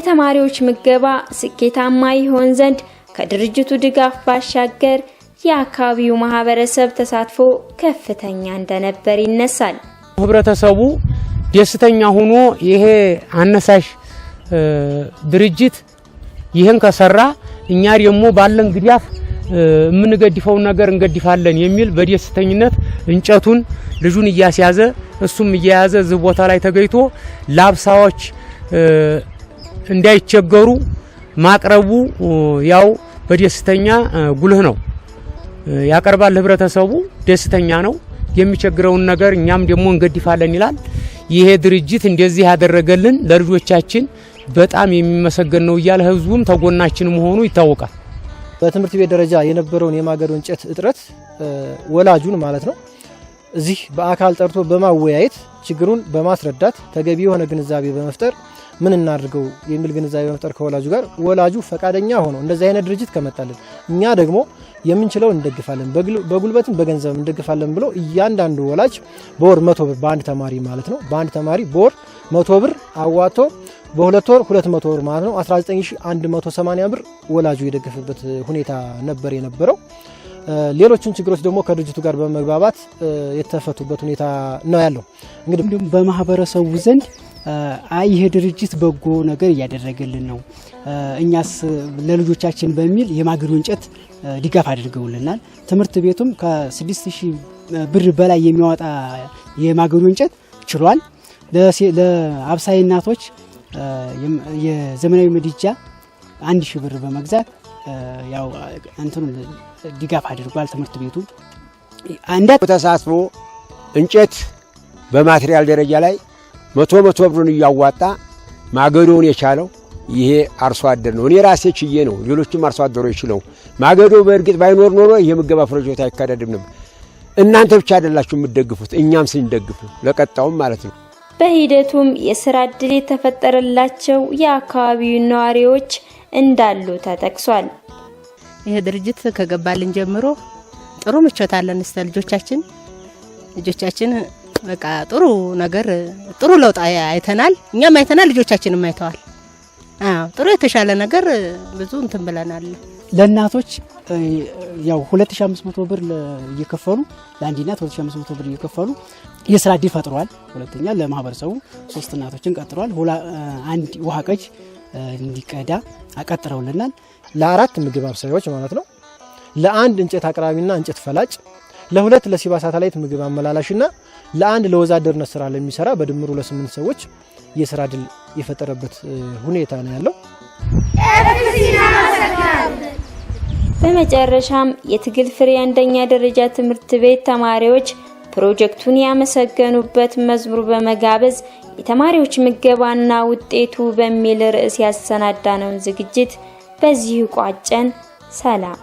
የተማሪዎች ምገባ ስኬታማ ይሆን ዘንድ ከድርጅቱ ድጋፍ ባሻገር የአካባቢው ማህበረሰብ ተሳትፎ ከፍተኛ እንደነበር ይነሳል። ህብረተሰቡ ደስተኛ ሆኖ ይሄ አነሳሽ ድርጅት ይህን ከሰራ እኛ ደግሞ ባለን ግዳፍ የምንገድፈውን ነገር እንገድፋለን የሚል በደስተኝነት እንጨቱን ልጁን እያስያዘ እሱም እየያዘ እዚህ ቦታ ላይ ተገኝቶ ላብሳዎች እንዳይቸገሩ ማቅረቡ ያው በደስተኛ ጉልህ ነው ያቀርባል። ህብረተሰቡ ደስተኛ ነው። የሚቸግረውን ነገር እኛም ደግሞ እንገድፋለን ይላል። ይሄ ድርጅት እንደዚህ ያደረገልን ለልጆቻችን በጣም የሚመሰገን ነው እያለ ህዝቡም ተጎናችን መሆኑ ይታወቃል። በትምህርት ቤት ደረጃ የነበረውን የማገዶ እንጨት እጥረት ወላጁን ማለት ነው እዚህ በአካል ጠርቶ በማወያየት ችግሩን በማስረዳት ተገቢ የሆነ ግንዛቤ በመፍጠር ምን እናድርገው የሚል ግንዛቤ መፍጠር ከወላጁ ጋር ወላጁ ፈቃደኛ ሆኖ እንደዚህ አይነት ድርጅት ከመጣለን እኛ ደግሞ የምንችለው እንደግፋለን፣ በጉልበትም በገንዘብ እንደግፋለን ብሎ እያንዳንዱ ወላጅ በወር መቶ ብር በአንድ ተማሪ ማለት ነው በአንድ ተማሪ በወር መቶ ብር አዋቶ በሁለት ወር ሁለት መቶ ብር ማለት ነው 19180 ብር ወላጁ የደገፈበት ሁኔታ ነበር የነበረው። ሌሎችን ችግሮች ደግሞ ከድርጅቱ ጋር በመግባባት የተፈቱበት ሁኔታ ነው ያለው። እንግዲህ በማህበረሰቡ ዘንድ አይ ይሄ ድርጅት በጎ ነገር እያደረገልን ነው፣ እኛስ ለልጆቻችን በሚል የማገዶ እንጨት ድጋፍ አድርገውልናል። ትምህርት ቤቱም ከ ሺህ ብር በላይ የሚያወጣ የማገዶ እንጨት ችሏል። ለአብሳይ እናቶች የዘመናዊ ምድጃ አንድ ሺህ ብር በመግዛት ያው እንትኑ ድጋፍ አድርጓል። ትምህርት ቤቱ አንዳት ተሳትፎ እንጨት በማቴሪያል ደረጃ ላይ መቶ መቶ ብሩን እያዋጣ ማገዶውን የቻለው ይሄ አርሶ አደር ነው። እኔ ራሴ ችዬ ነው። ሌሎችም አርሶ አደሮ ችለው ማገዶ በእርግጥ ባይኖር ኖሮ ይሄ ምገባ ፕሮጀክት አይካሄድም ነበር። እናንተ ብቻ አይደላችሁ የምትደግፉት፣ እኛም ስንደግፍ ለቀጣውም ማለት ነው። በሂደቱም የስራ እድል የተፈጠረላቸው የአካባቢው ነዋሪዎች እንዳሉ ተጠቅሷል። ይሄ ድርጅት ከገባልን ጀምሮ ጥሩ ምቾት አለን እስከ ልጆቻችን ልጆቻችን በቃ ጥሩ ነገር ጥሩ ለውጥ አይተናል፣ እኛም አይተናል፣ ልጆቻችንም አይተዋል። ጥሩ የተሻለ ነገር ብዙ እንትን ብለናል። ለእናቶች ያው 2500 ብር እየከፈሉ ለአንድ እናት 2500 ብር እየከፈሉ የስራ እድል ፈጥሯል። ሁለተኛ ለማህበረሰቡ ሶስት እናቶችን ቀጥሯል። አንድ ውሃ ቀጅ እንዲቀዳ አቀጥረውልናል። ለአራት ምግብ አብሳዮች ማለት ነው። ለአንድ እንጨት አቅራቢና እንጨት ፈላጭ፣ ለሁለት ለሲባ ሳተላይት ምግብ አመላላሽና ለአንድ ለወዛደርነት ስራ ለሚሰራ በድምሩ ለስምንት ሰዎች የስራ ድል የፈጠረበት ሁኔታ ነው ያለው። በመጨረሻም የትግል ፍሬ አንደኛ ደረጃ ትምህርት ቤት ተማሪዎች ፕሮጀክቱን ያመሰገኑበት መዝሙር በመጋበዝ የተማሪዎች ምገባና ውጤቱ በሚል ርዕስ ያሰናዳነውን ዝግጅት በዚህ ቋጨን። ሰላም።